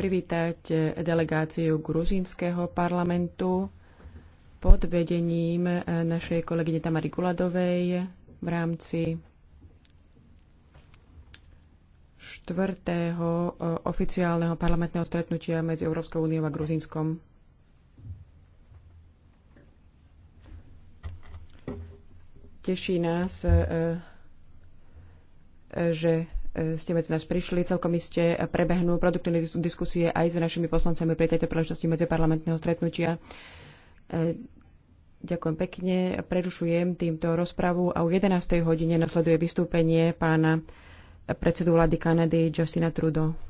privítať eh, delegáciu gruzínskeho parlamentu pod vedením eh, našej kolegyne Tamary Guladovej v rámci štvrtého eh, oficiálneho parlamentného stretnutia medzi Európskou úniou a Gruzínskom. Teší nás, že E, ste medzi nás prišli. Celkom iste prebehnú produktívne diskusie aj s našimi poslancami pri tejto príležitosti medziparlamentného stretnutia. E, ďakujem pekne. Prerušujem týmto rozpravu a o 11. hodine nasleduje vystúpenie pána predsedu vlády Kanady Justina Trudeau.